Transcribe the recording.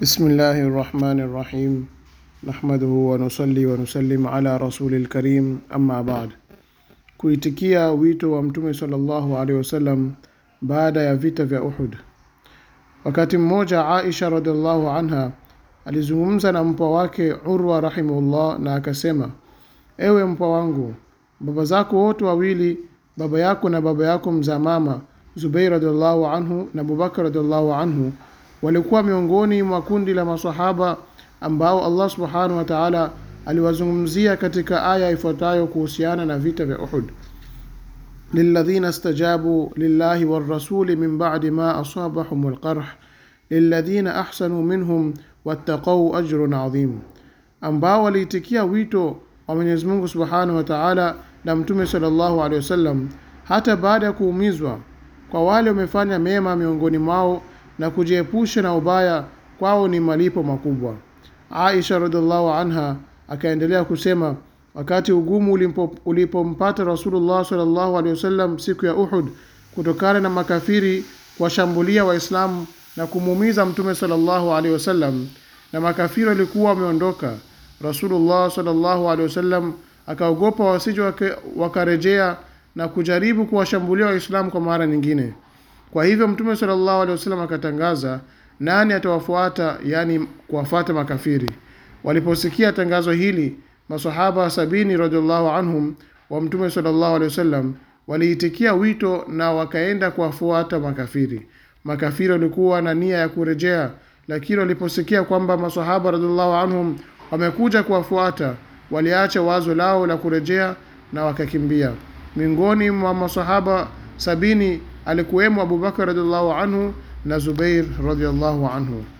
Bismillahi rahmani rahim nahmaduhu wanusalli wanusallim ala rasulil karim amma baad. Kuitikia wito wa Mtume sallallahu alaihi wasallam baada ya vita vya Uhud. Wakati mmoja Aisha radhiallahu anha alizungumza na mpwa wake Urwa rahimahullah na akasema, ewe mpwa wangu, baba zako wote wawili, baba yako na baba yako mzaa mama Zubair radhiallahu anhu na Abubakar radhiallahu anhu walikuwa miongoni mwa kundi la masahaba ambao Allah subhanahu wa ta'ala aliwazungumzia katika aya ifuatayo kuhusiana na vita vya Uhud للذين stajabu lillahi والرسول من بعد ما أصابهم القرح للذين أحسنوا منهم واتقوا أجر عظيم ambao waliitikia wito wa Mwenyezi Mungu Subhanahu wa Ta'ala na Mtume sallallahu alaihi wasallam hata baada ya kuumizwa kwa wale wamefanya mema miongoni mwao na kujiepusha na ubaya kwao ni malipo makubwa Aisha radhiallahu anha akaendelea kusema wakati ugumu ulipompata Rasulullah sallallahu alaihi wasallam siku ya Uhud kutokana na makafiri kuwashambulia Waislamu na kumuumiza Mtume sallallahu alaihi wasallam na makafiri walikuwa wameondoka Rasulullah sallallahu alaihi wasallam akaogopa wasije wakarejea na kujaribu kuwashambulia Waislamu kwa mara nyingine kwa hivyo Mtume sallallahu alaihi wasallam akatangaza, nani atawafuata, yani kuwafuata makafiri. Waliposikia tangazo hili, masahaba sabini radhiallahu anhum wa Mtume sallallahu alaihi wasallam waliitikia wito na wakaenda kuwafuata makafiri. Makafiri walikuwa na nia ya kurejea, lakini waliposikia kwamba masahaba radhiallahu anhum wamekuja kuwafuata, waliacha wazo lao la kurejea na wakakimbia. Miongoni mwa masahaba sabini alikuwemo Abu Bakar radhiallahu anhu na Zubair radhiallahu anhu.